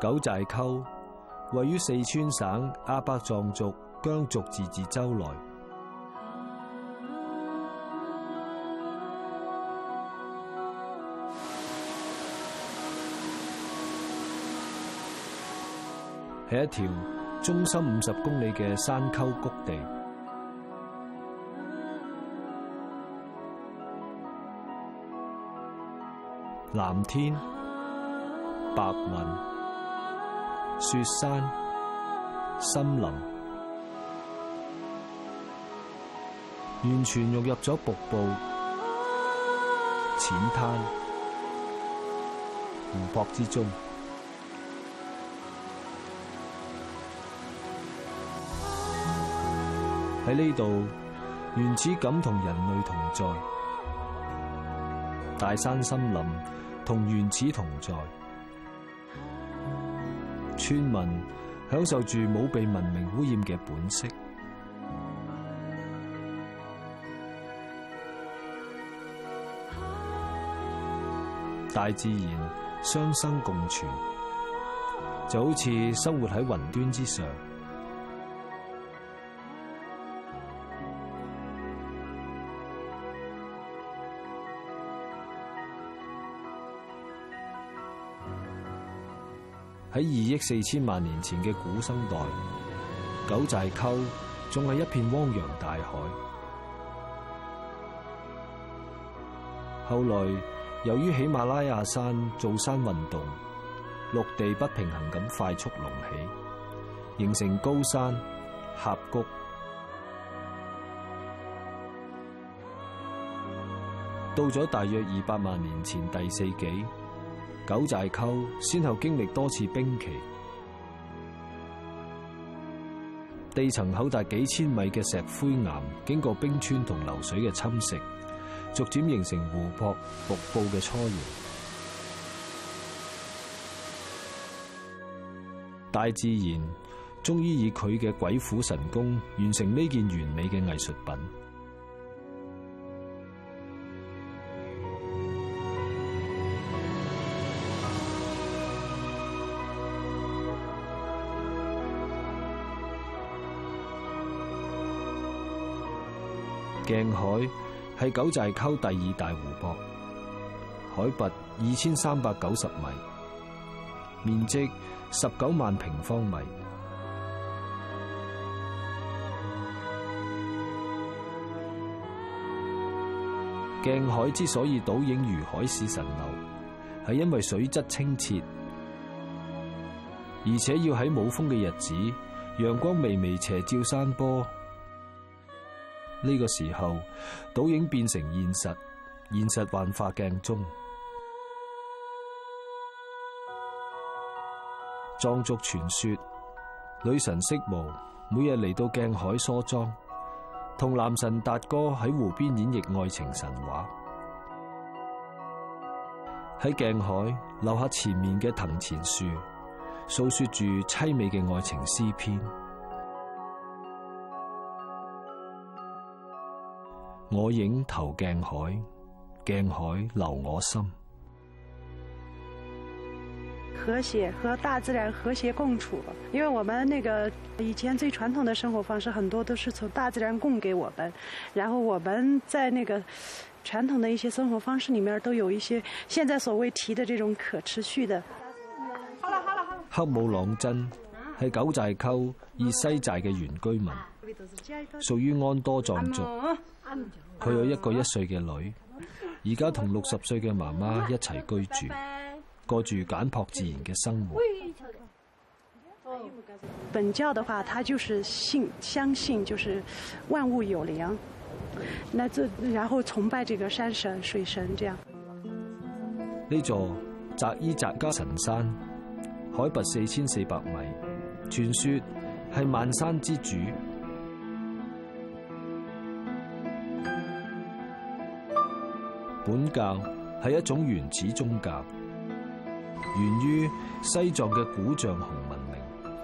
九寨溝位於四川省阿壩藏族羌族自治州內，係一條中心五十公里嘅山溝谷地，藍天白雲。雪山、森林，完全融入咗瀑布、淺灘、湖泊之中。喺呢度，原始感同人類同在，大山、森林同原始同在。村民享受住冇被文明污染嘅本色，大自然相生共存，就好似生活喺雲端之上。喺二億四千萬年前嘅古生代，九寨溝仲係一片汪洋大海。後來由於喜馬拉雅山造山運動，陸地不平衡咁快速隆起，形成高山峽谷。到咗大約二百萬年前第四紀。九寨溝先後經歷多次冰期，地層厚達幾千米嘅石灰岩，經過冰川同流水嘅侵蝕，逐漸形成湖泊、瀑布嘅初現。大自然終於以佢嘅鬼斧神工，完成呢件完美嘅藝術品。海係九寨溝第二大湖泊，海拔二千三百九十米，面積十九萬平方米。鏡海之所以倒影如海市蜃樓，係因為水質清澈，而且要喺冇風嘅日子，陽光微微斜照山坡。呢個時候，倒影變成現實，現實幻化鏡中。藏族傳說，女神色嫫每日嚟到鏡海梳妝，同男神達戈喺湖邊演繹愛情神話，喺鏡海留下前面嘅藤前樹，訴說住淒美嘅愛情詩篇。我影投鏡海，鏡海留我心。和諧和大自然和諧共處，因為我們那個以前最傳統的生活方式，很多都是從大自然供給我們，然後我們在那個傳統的一些生活方式裏面都有一些現在所謂提的這種可持續的。好啦好啦好啦黑姆朗真。係九寨溝以西寨嘅原居民，屬於安多藏族。佢有一個一歲嘅女，而家同六十歲嘅媽媽一齊居住，過住簡樸自然嘅生活。本教的話，他就是信相信，就是萬物有靈，然後崇拜這個山神、水神，這樣。呢座扎伊扎加神山海拔四千四百米。傳說係萬山之主，本教係一種原始宗教，源於西藏嘅古象雄文明，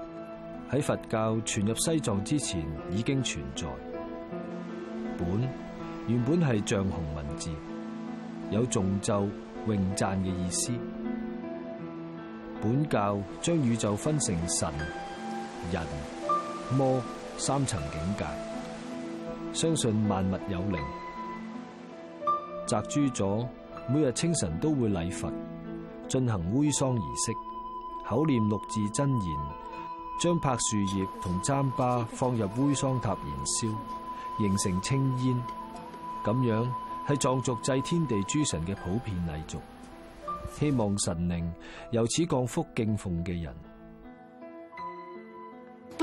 喺佛教傳入西藏之前已經存在。本原本係象雄文字有有誦咒詠讚嘅意思。本教將宇宙分成神、人魔三層境界，相信萬物有靈。摘珠咗每日清晨都會禮佛，進行煨桑儀式，口念六字真言，將柏樹葉同糌粑放入煨桑塔燃燒，形成青煙。咁樣係藏族祭天地諸神嘅普遍禮俗，希望神靈由此降福敬奉嘅人。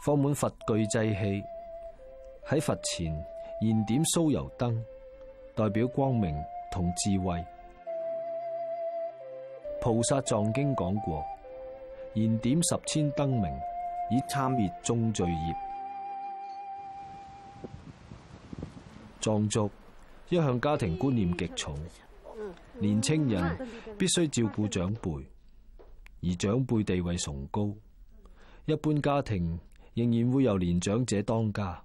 放滿佛具祭器，喺佛前燃點酥油燈，代表光明同智慧。菩薩藏經講過，燃點十千燈明，以參滅眾罪業。藏族一向家庭觀念極重，年青人必須照顧長輩，而長輩地位崇高，一般家庭。仍然會由年長者當家。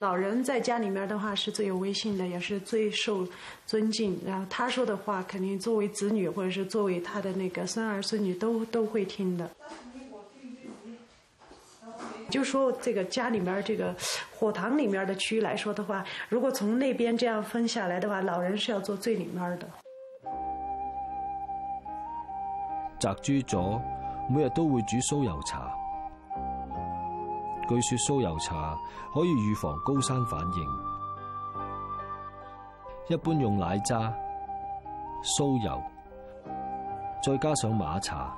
老人在家裏面的話是最有威信的，也是最受尊敬。然後他說的話，肯定作為子女或者是作為他的那個孫兒孫女都都會聽的。嗯、就說這個家裏面這個火塘裏面的區域來說的話，如果從那邊這樣分下來的話，老人是要坐最裏面的。擇豬左每日都會煮酥油茶。據說酥油茶可以預防高山反應，一般用奶渣、酥油，再加上馬茶、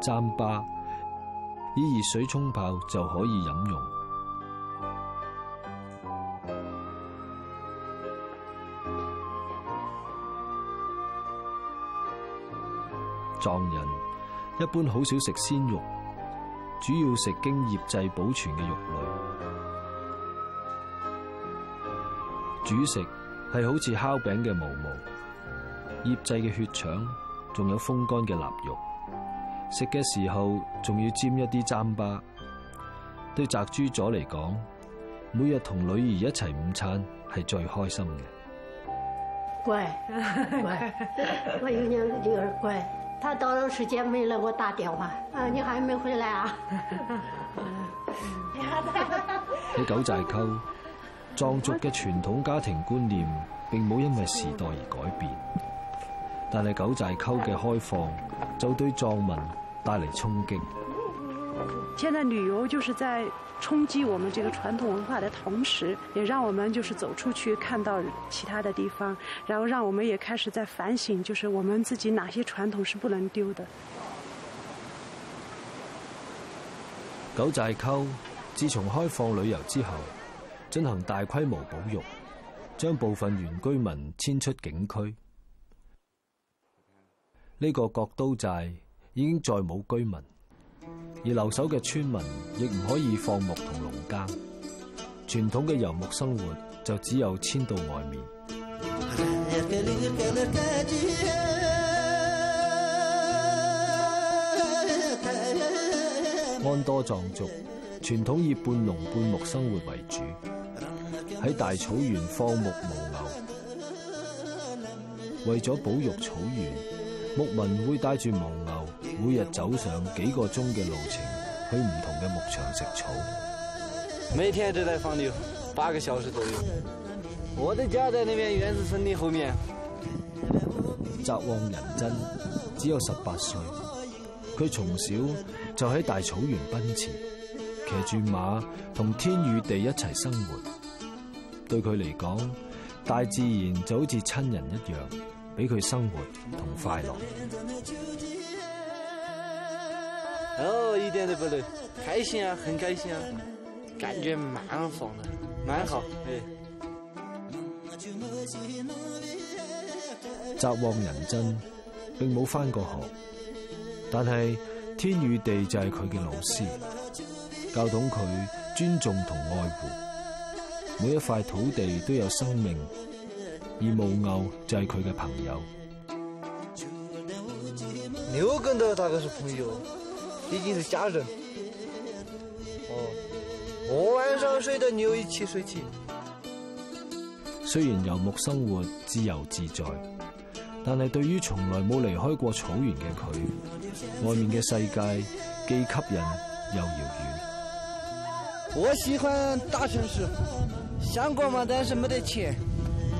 糌粑，以熱水沖泡就可以飲用。藏人一般好少食鮮肉。主要食經醃製保存嘅肉類，主食係好似烤餅嘅饃饃、醃製嘅血腸，仲有風乾嘅臘肉。食嘅時候仲要沾一啲蘸巴。對澤珠咗嚟講，每日同女兒一齊午餐係最開心嘅。乖，乖，我有兩個女兒乖。他到了時間沒來，我打電話。啊，你還沒回來啊？喺 九寨溝，藏族嘅傳統家庭觀念並冇因為時代而改變，但係九寨溝嘅開放就對藏民帶嚟衝擊。現在旅遊就是在衝擊我們這個傳統文化的同時，也讓我們就是走出去看到其他的地方，然後讓我們也開始在反省，就是我們自己哪些傳統是不能丟的。九寨溝自從開放旅遊之後，進行大規模保育，將部分原居民遷出景區。呢個國都寨已經再冇居民。而留守嘅村民亦唔可以放牧同農耕，傳統嘅游牧生活就只有遷到外面。安多藏族傳統以半農半牧生活為主，喺大草原放牧犛牛，為咗保育草原。牧民會帶住牦牛，每日走上幾個鐘嘅路程，去唔同嘅牧場食草。每天都在放牛，八個小時左右。我的家在那邊原始森林後面。澤旺仁真只有十八歲，佢從小就喺大草原奔馳，騎住馬同天與地一齊生活。對佢嚟講，大自然就好似親人一樣。俾佢生活同快樂。哦，一點都不累，開心啊，很開心啊，嗯、感覺蠻爽的，蠻好。澤旺仁真並冇返過學，但係天與地就係佢嘅老師，教懂佢尊重同愛護，每一塊土地都有生命。而母牛就係佢嘅朋友。牛跟到大嘅係朋友，已經是家人。哦，我晚上睡得牛一起睡起。雖然游牧生活自由自在，但係對於從來冇離開過草原嘅佢，外面嘅世界既吸引又遙遠。我喜歡大城市，想過嘛，但是冇得錢。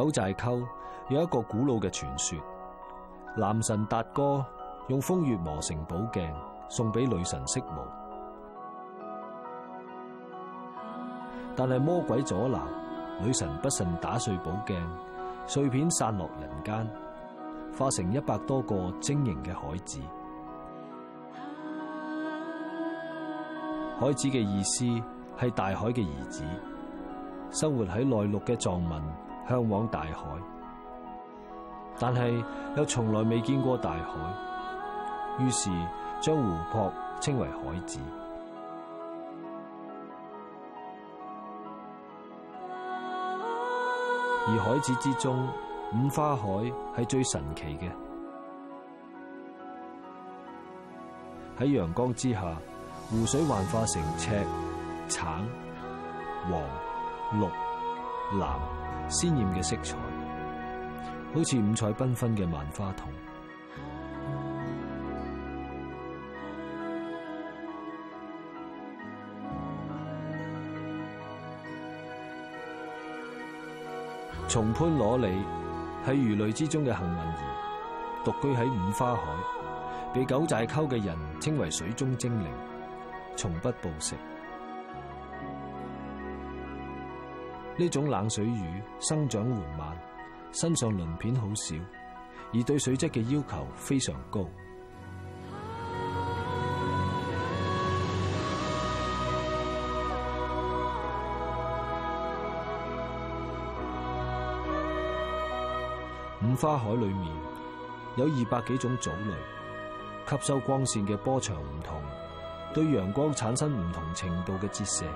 九寨溝有一個古老嘅傳說：男神達哥用風月磨成寶鏡，送俾女神色嫫。但係魔鬼阻撓，女神不慎打碎寶鏡，碎片散落人間，化成一百多個晶瑩嘅海子。海子嘅意思係大海嘅兒子，生活喺內陸嘅藏民，嚮往大海，但係又從來未見過大海，於是將湖泊稱為海子。而海子之中，五花海係最神奇嘅。喺陽光之下，湖水幻化成赤、橙、黃、綠、藍。鮮艷嘅色彩，好似五彩繽紛嘅萬花筒。松潘裸鯉係魚類之中嘅幸運兒，獨居喺五花海，被九寨溝嘅人稱為水中精靈，從不捕食。呢種冷水魚生長緩慢，身上鱗片好少，而對水質嘅要求非常高。五花海裏面有二百幾種藻類，吸收光線嘅波長唔同，對陽光產生唔同程度嘅折射。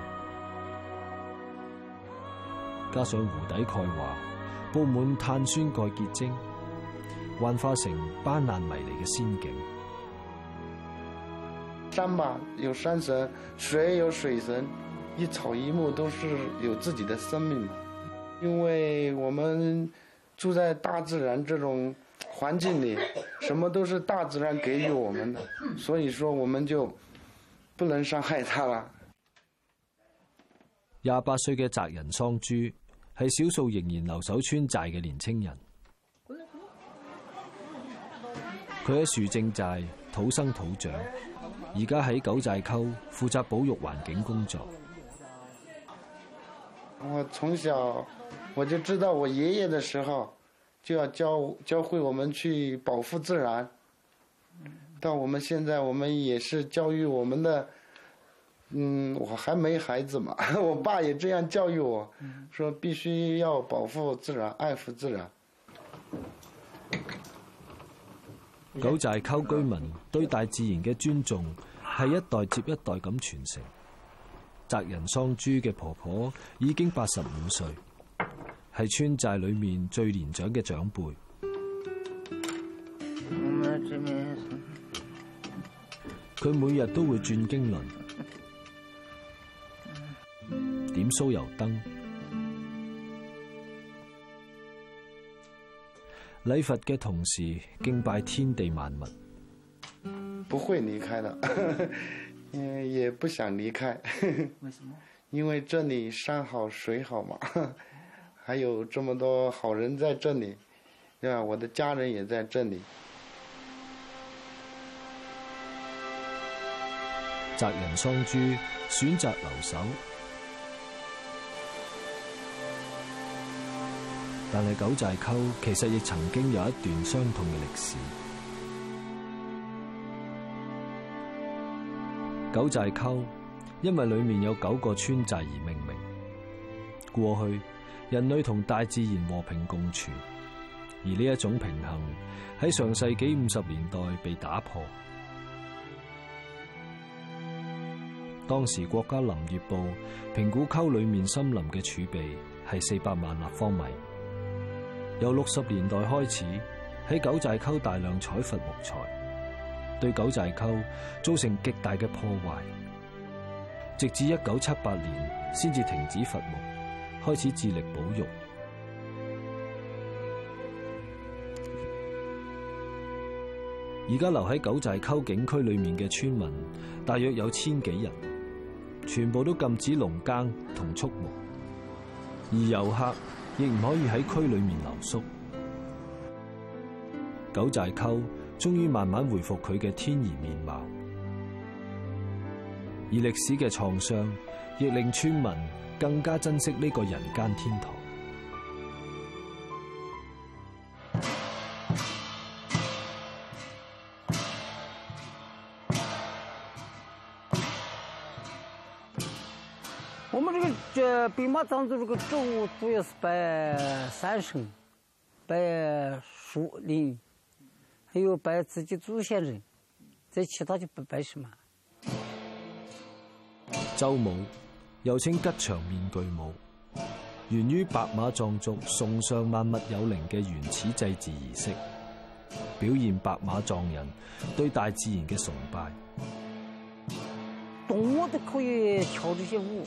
加上湖底鈣華布滿碳酸鈣結晶，幻化成斑斕迷離嘅仙境。山嘛有山神，水有水神，一草一木都是有自己的生命，因為我們住在大自然這種環境裏，什麼都是大自然給予我們的，所以說我們就不能傷害它啦。廿八歲嘅澤仁桑珠，係少數仍然留守村寨嘅年輕人，佢喺樹正寨土生土長，而家喺九寨溝負責保育環境工作。我從小我就知道我爺爺的時候就要教教會我們去保護自然，但我們現在我們也是教育我們的。嗯，我還沒孩子嘛，我爸也這樣教育我，說必須要保護自然，愛護自然。九寨溝居民對大自然嘅尊重係一代接一代咁傳承。責人桑珠嘅婆婆已經八十五歲，係村寨裏面最年長嘅長輩。佢每日都會轉經輪。點酥油燈，禮佛嘅同時敬拜天地萬物。不會離開了，也不想離開。為什麼？因為這裏山好水好嘛，還有這麼多好人在這裏，對吧？我的家人也在這裏。擇人桑珠，選擇留守。但係九寨溝其實亦曾經有一段傷痛嘅歷史。九寨溝因為裏面有九個村寨而命名。過去人類同大自然和平共處，而呢一種平衡喺上世紀五十年代被打破。當時國家林業部評估溝裏面森林嘅儲備係四百萬立方米。由六十年代開始，喺九寨溝大量採伐木材，對九寨溝造成極大嘅破壞。直至一九七八年，先至停止伐木，開始致力保育。而家留喺九寨溝景區裏面嘅村民，大約有千幾人，全部都禁止農耕同畜牧，而遊客。亦唔可以喺區裏面留宿，九寨溝終於慢慢回復佢嘅天然面貌，而歷史嘅創傷亦令村民更加珍惜呢個人間天堂。白馬藏族這個舞主要是拜山神、拜樹林，還有拜自己祖先人，這其他就不拜什麼。周舞，又稱吉祥面具舞，源於白馬藏族崇尚萬物有靈的原始祭祀儀式，表現白馬藏人對大自然的崇拜。動物都可以跳這些舞。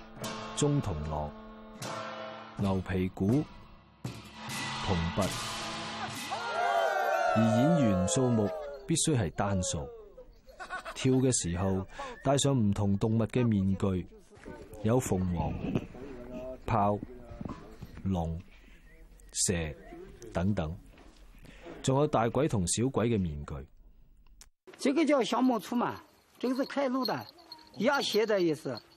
鐘、銅鑼、牛皮鼓、銅鈸，而演員數目必須係單數。跳嘅時候戴上唔同動物嘅面具，有鳳凰、豹、龍、蛇等等，仲有大鬼同小鬼嘅面具。這個叫小木卒嘛，這個是開路的，壓邪的意思。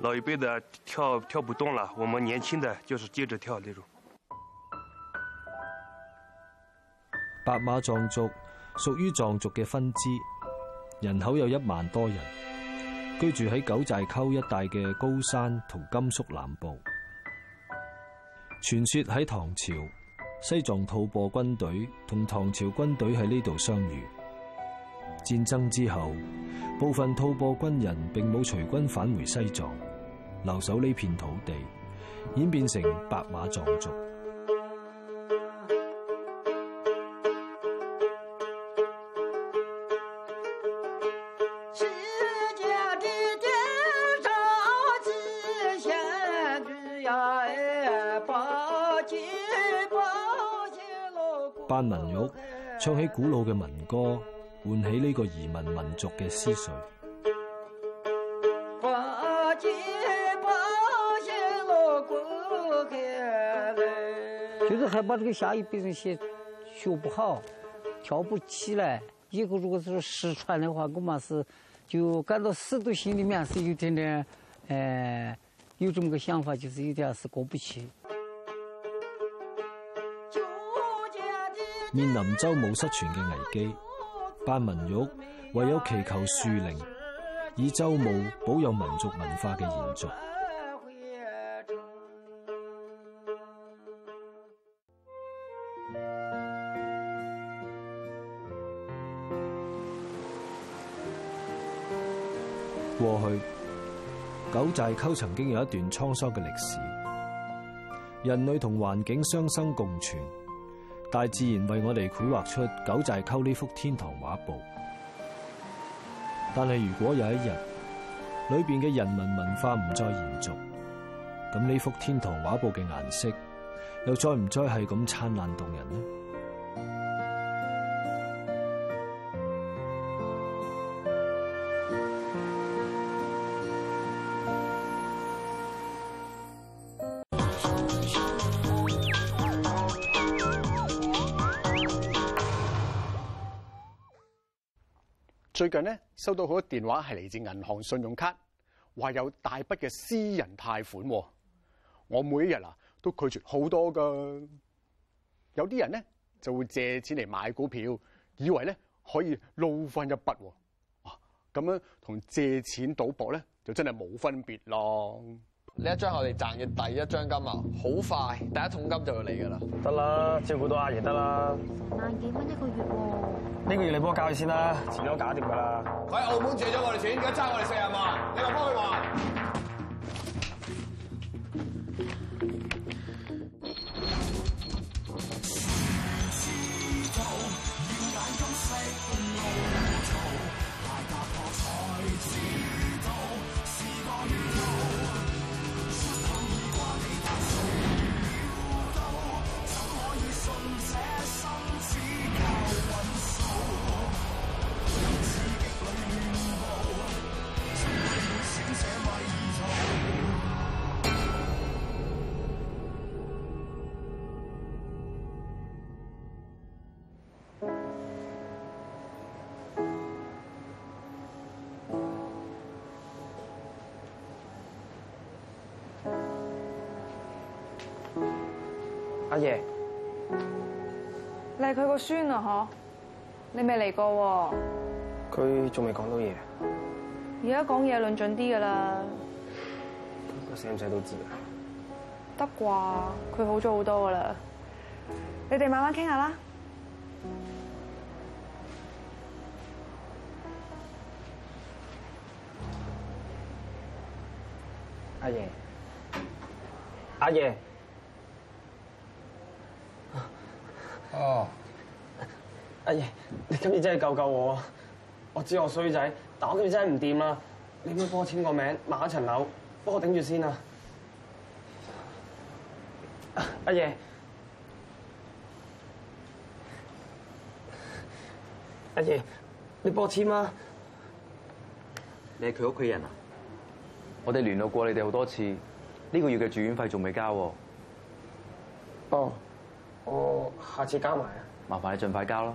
老一輩的跳跳不動了，我們年輕的就是接着跳這種。白馬藏族屬於藏族嘅分支，人口有一萬多人，居住喺九寨溝一帶嘅高山同甘肅南部。傳說喺唐朝，西藏吐蕃軍隊同唐朝軍隊喺呢度相遇，戰爭之後。部分吐蕃軍人並冇隨軍返回西藏，留守呢片土地，演變成白馬藏族。班文玉唱起古老嘅民歌。喚起呢個移民民族嘅思緒，就是害怕這個下一輩人學學不好，跳不起來，以後如果是失傳的話，我們是就感到死都心裏面是有點點誒、呃，有這麼個想法，就是有點是過不去。就這這這面臨周武失傳嘅危機。拜文玉，唯有祈求樹靈，以周母保佑民族文化嘅延續。過去九寨溝曾經有一段滄桑嘅歷史，人類同環境相生共存。大自然為我哋繪畫出九寨溝呢幅天堂畫布，但係如果有一日裏邊嘅人民文化唔再延續，咁呢幅天堂畫布嘅顏色又再唔再係咁燦爛動人呢？最近咧收到好多電話係嚟自銀行信用卡，話有大筆嘅私人貸款。我每一日嗱都拒絕好多噶，有啲人咧就會借錢嚟買股票，以為咧可以撈翻一筆。啊，咁樣同借錢賭博咧就真係冇分別咯。呢一張我哋賺嘅第一張金啊，好快，第一桶金就會嚟㗎啦！得啦，照顧到阿爺得啦。萬幾蚊一個月喎，呢個月你幫我交佢先啦，遲咗搞掂㗎啦。佢喺澳門借咗我哋錢，而家爭我哋四十萬，你話幫佢還？阿爺，你係佢個孫啊？嗬，你未嚟過？佢仲未講到嘢。而家講嘢論盡啲噶啦。個聲唔使都知啊。得啩，佢好咗好多噶啦。你哋慢慢傾下啦。阿爺，阿爺。你真係救救我啊！我知我衰仔，但我今日真係唔掂啦。你可唔可以幫我簽個名，買一層樓，幫我頂住先啊！阿爺，阿爺，你幫我簽啊！你係佢屋企人啊？我哋聯絡過你哋好多次，呢個月嘅住院費仲未交。哦，我下次交埋啊！麻煩你盡快交咯。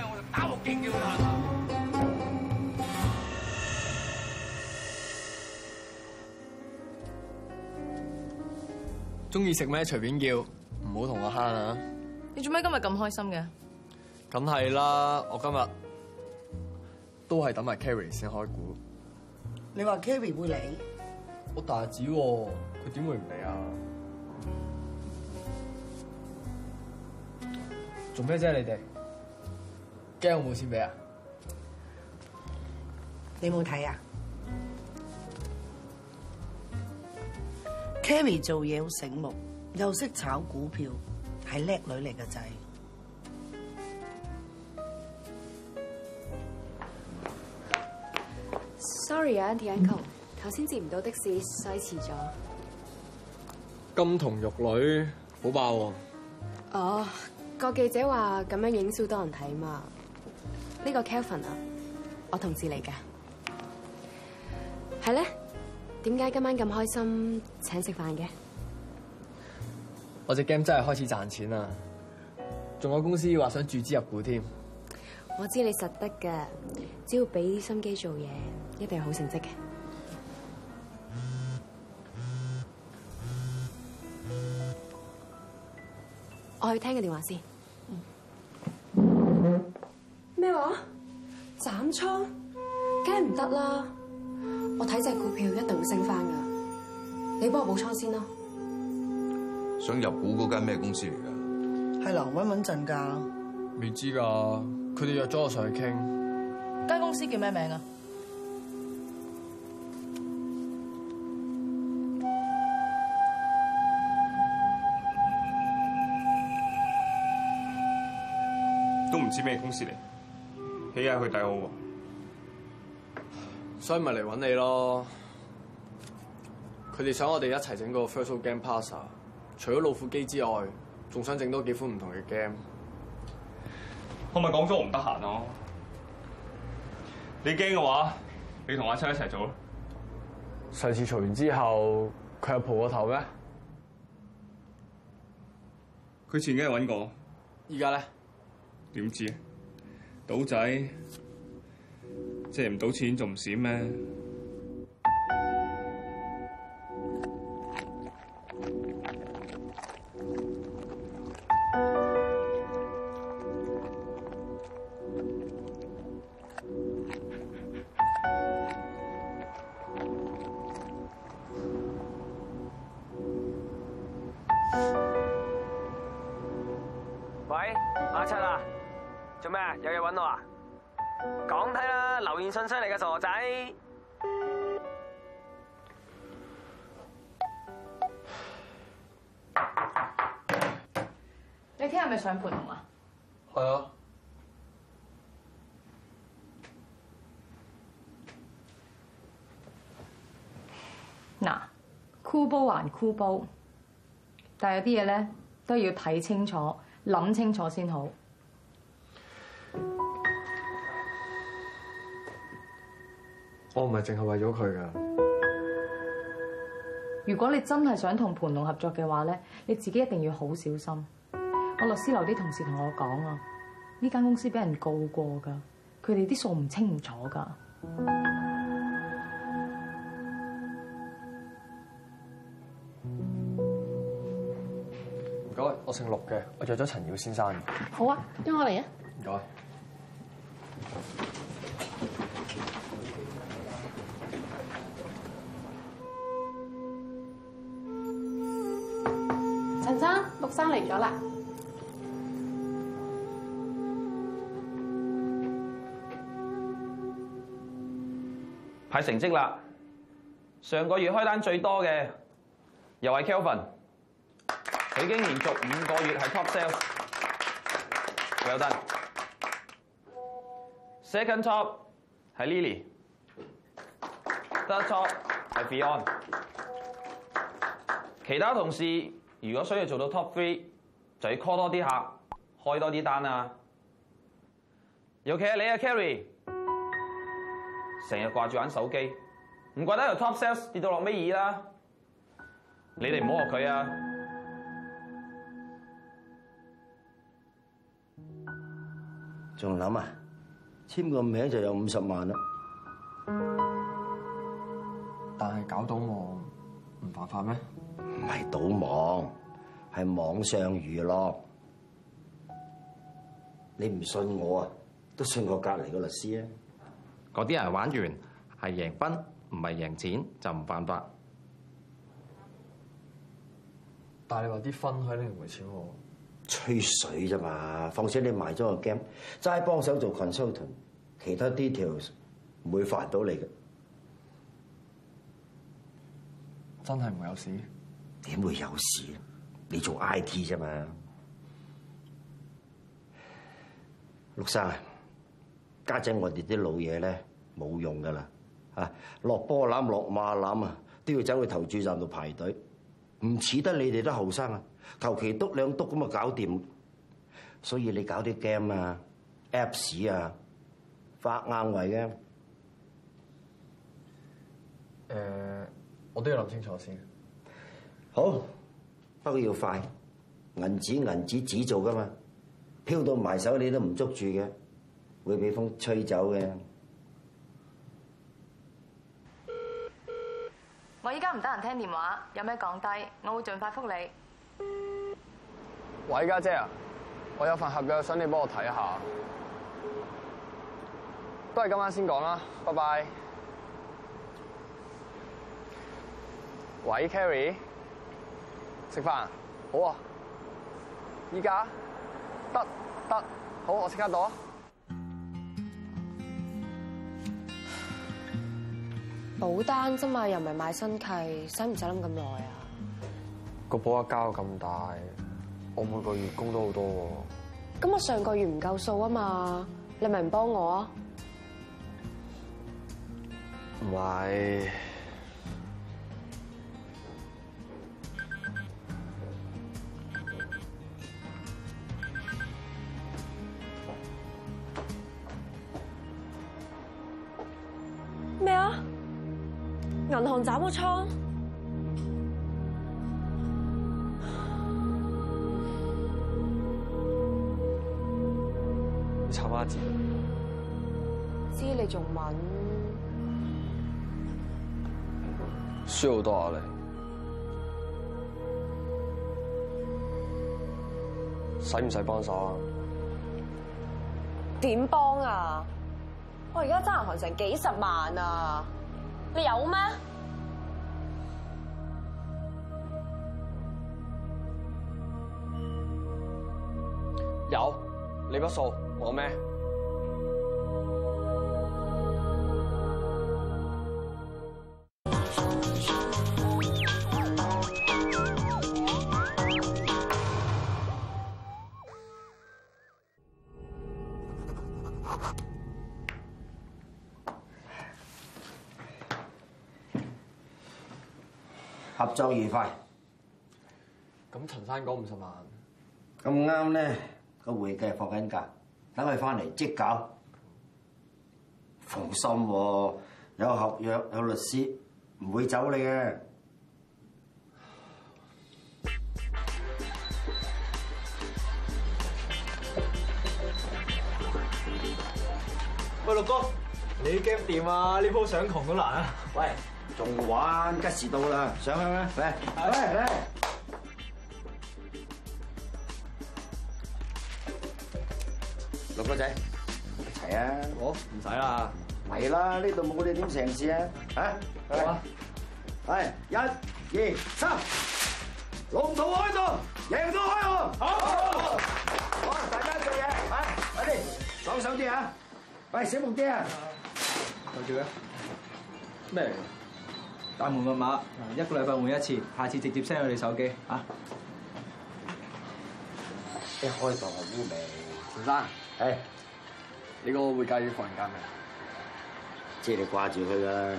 中意食咩？隨便叫，唔好同我慳啊！你做咩今日咁開心嘅？梗係啦，我今日都係等埋 Kerry 先開股。你話 Kerry 會嚟？我大子喎，佢點會唔嚟啊？做咩啫你哋？驚我冇錢俾啊？你冇睇啊？Terry 做嘢好醒目，又識炒股票，係叻女嚟嘅仔。Sorry 啊，Uncle，d a 頭先接唔到的士，塞遲咗。金童玉女，好爆喎、啊！哦，oh, 個記者話咁樣影照多人睇嘛。呢、這個 Kelvin 啊，我同事嚟噶，係咧。點解今晚咁開心請食飯嘅？我隻 game 真係開始賺錢啦，仲有公司話想注資入股添。我知你實得嘅，只要俾啲心機做嘢，一定係好成績嘅。 我先去聽個電話先。咩話、嗯？斬倉？梗係唔得啦！我睇隻股票一定會升翻噶，你幫我補倉先咯。想入股嗰間咩公司嚟噶？係啦，穩穩陣噶。未知噶，佢哋約咗我上去傾。間公司叫咩名啊？都唔知咩公司嚟，起亞去大澳。所以咪嚟揾你咯！佢哋想我哋一齊整個 first game party，除咗老虎機之外，仲想整多幾款唔同嘅 game。我咪講咗我唔得閒咯。你驚嘅話，你同阿七一齊做啦。上次嘈完之後，佢又蒲個頭咩？佢前幾日揾過，依家咧點知賭仔？借唔到錢，仲唔閃咩？煲還箍煲，但係有啲嘢咧都要睇清楚，諗清楚先好。我唔係淨係為咗佢噶。如果你真係想同盤龍合作嘅話咧，你自己一定要好小心。我律師樓啲同事同我講啊，呢間公司俾人告過噶，佢哋啲數唔清唔楚噶。我姓陸嘅，我約咗陳耀先生。好啊，跟我嚟啊。唔該。陳生，陸生嚟咗啦。派成績啦，上個月開單最多嘅又係 Kelvin。已經連續五個月係 top sales，Well done。second top 係 Lily，third top 係 Beyond。其他同事如果想要做到 top three，就要 call 多啲客，開多啲單啊！尤其係你啊，Carrie，成日掛住玩手機，唔怪得由 top sales 跌到落尾二啦。你哋唔好學佢啊！仲諗啊？簽個名就有五十萬啦，但係搞到我唔犯法咩？唔係賭網，係網上娛樂。你唔信我啊，都信我隔籬個律師啊。嗰啲人玩完係贏分，唔係贏錢就唔犯法。但係你話啲分肯定唔會錢我。吹水啫嘛，況且你賣咗個 game，齋幫手做 consultant，其他 details 唔會煩到你嘅，真係唔會有事。點會有事？你做 IT 啫嘛，陸生啊，家陣我哋啲老嘢咧冇用噶啦，啊落波攬落馬攬啊，都要走去投注站度排隊，唔似得你哋啲後生啊。求其篤兩篤咁啊，搞掂，所以你搞啲 game 啊、Apps 啊、發硬位嘅，誒，我都要諗清楚先。好，不過要快，銀紙，銀紙紙做㗎嘛，飄到埋手你都唔捉住嘅，會俾風吹走嘅。我依家唔得閒聽電話，有咩講低，我會盡快覆你。喂，家姐啊，我有份合約想你幫我睇下，都係今晚先講啦，拜拜。喂，Carrie，食飯？好啊，依家？得得，好，我即刻到啊。保單啫嘛，又唔係買新契，使唔使諗咁耐啊？個保額交咁大。我每個月工都好多喎，咁我上個月唔夠數啊嘛，你咪唔幫我啊？唔係咩？銀行斬個倉！仲問，輸好多啊你嚟，使唔使幫手啊？點幫啊？我而家爭銀行成幾十萬啊，你有咩？有，你畀數我咩？合作愉快。咁陳生講五十萬，咁啱咧個會計放緊假，等佢翻嚟即搞。放心喎，有合約有律師，唔會走你嘅。喂六哥，你驚掂啊？呢鋪想窮都難啊！喂。仲玩吉時到啦，上去咩？嚟嚟嚟！六哥仔，一齊啊！哦，唔使啦。嚟啦，呢度冇你點成事啊？嚇？好啊！係，一、二、三，龍頭開道，贏到開學。好，好，好！大家做嘢，快啲，爽手啲啊！喂，醒目啲啊！攔住啦！咩大門密碼，一個禮拜換一次，下次直接 send 去你手機嚇。一、啊哎、開房好未？拉，係先生 Hey, 你個會計放房間未？知你掛住佢㗎，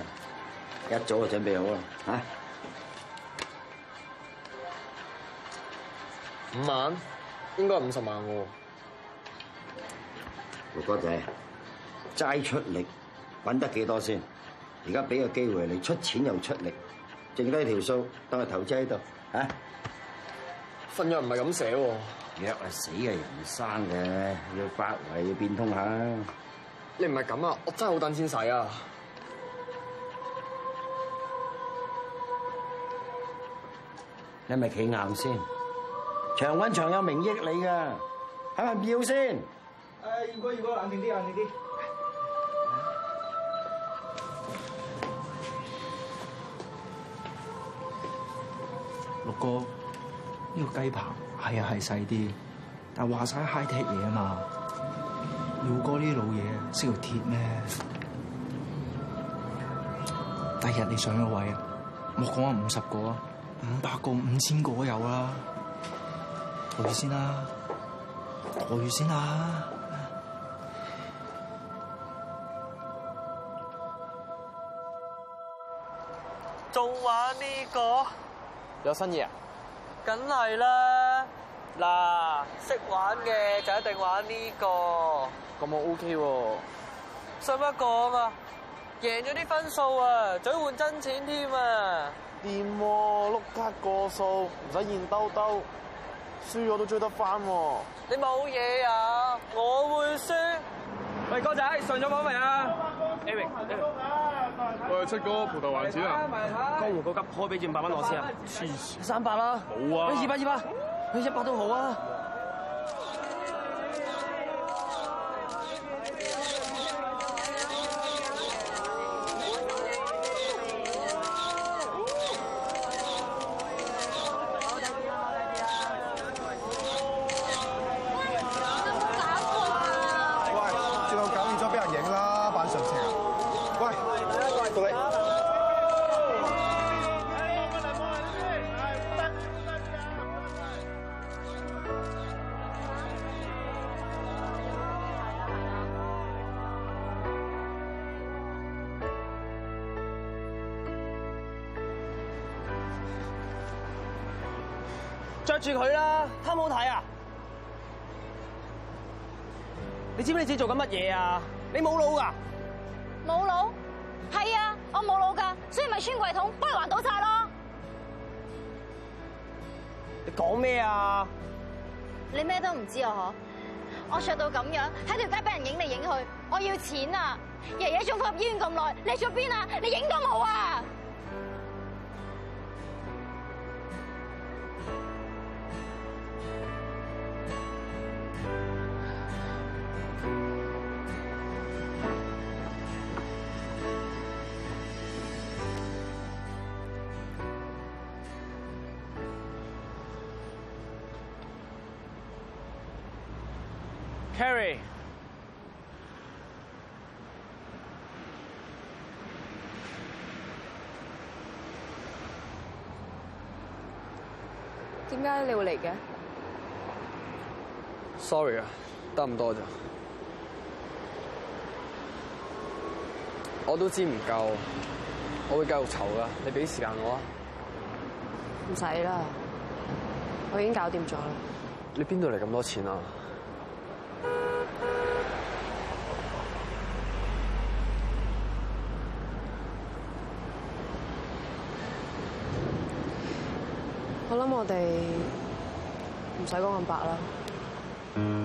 一早就準備好啦嚇。啊、五萬，應該五十萬喎。六哥仔，齋出力揾得幾多先？而家俾個機會你出錢又出力，剩低條數等佢投資喺度嚇。份約唔係咁寫喎，約係死嘅人生嘅，要發圍要變通下。你唔係咁啊，我真係好等先使啊！你係咪企硬先，長揾長有名益你㗎，係咪唔要先？誒，二哥二哥，冷靜啲啊，冷靜啲。六哥，呢、這個雞棚係啊係細啲，但話晒 high tech 嘢啊嘛！耀哥啲老嘢識條鐵咩？第日你上咗位啊！我講下五十個啊，五百個五千個都有啦！我住先啦、啊，我住先啦、啊，做、啊、玩呢、這個。有新嘢啊！梗係啦，嗱，識玩嘅就一定玩呢個。咁我 OK 喎，信唔過啊嘛！贏咗啲分數啊，仲要換真錢添啊！掂喎，碌卡過數，唔使現兜兜，輸我都追得翻喎。你冇嘢啊！我會輸。喂，哥仔，上咗網未啊？誒，唔，唔。喂、哎，七哥，葡萄還錢啊！江湖哥急開，俾二百蚊我先啊！黐線，三百啦！百百百好啊，二百二百，你一百都好啊！着住佢啦！貪好睇啊！你知唔知自己做緊乜嘢啊？你冇腦噶？冇腦？係啊，我冇腦噶，所以咪穿櫃筒，幫你，你不如環倒晒咯！你講咩啊？你咩都唔知啊？嗬！我削到咁樣喺條街俾人影嚟影去，我要錢啊！爺爺仲放入醫院咁耐，你做邊啊？你影都冇啊！點解你會嚟嘅？Sorry 啊，得唔多咋？我都知唔夠，我會繼續籌㗎。你俾時間我啊。唔使啦，我已經搞掂咗啦。你邊度嚟咁多錢啊？那我哋唔使講咁白啦。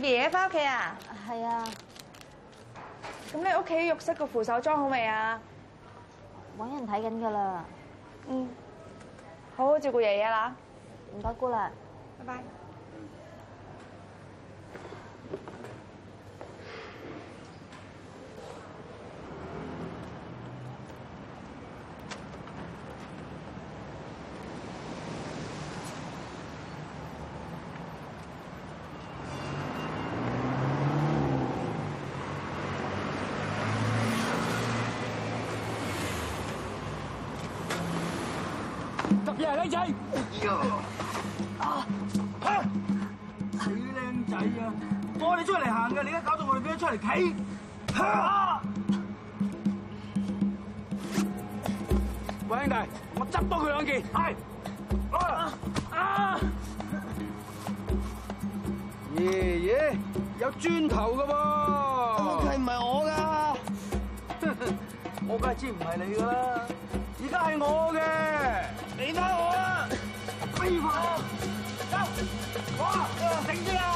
爺爺翻屋企啊！係啊，咁你屋企浴室個扶手裝好未啊？搵人睇緊噶啦。嗯，好好照顧爺爺啦，唔該姑娘，拜拜。出嚟行嘅，你而家搞到我哋畀咗出嚟睇。喂兄弟，我執多佢兩件。係。啊啊！爺爺，有磚頭噶噃。屋企唔係我噶，我梗係知唔係你噶啦。而家係我嘅，你睇我，飛毛，走，我，停住啊！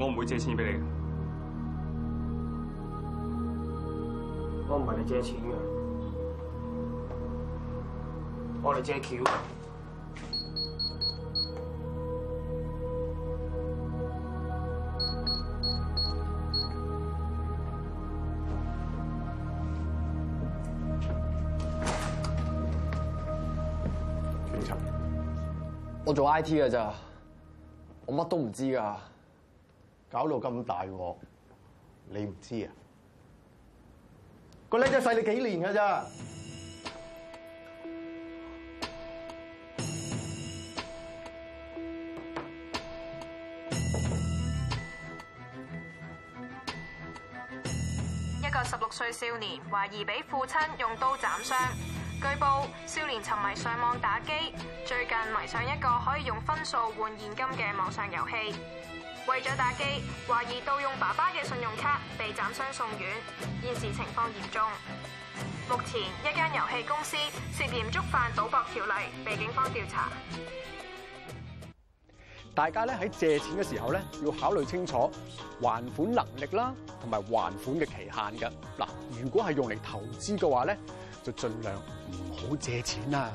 我唔會借錢俾你，我唔係嚟借錢嘅，我嚟借橋。巡我做 I T 的咋，我乜都唔知道。搞到咁大鑊，你唔知啊？個僆仔細你幾年㗎咋？一個十六歲少年懷疑俾父親用刀斬傷，據報少年沉迷上網打機，最近迷上一個可以用分數換現金嘅網上遊戲。為咗打機，懷疑盜用爸爸嘅信用卡，被斬傷送院，現時情況嚴重。目前一間遊戲公司涉嫌觸犯賭博條例，被警方調查。大家咧喺借錢嘅時候咧，要考慮清楚還款能力啦，同埋還款嘅期限㗎。嗱，如果係用嚟投資嘅話咧，就盡量唔好借錢啦。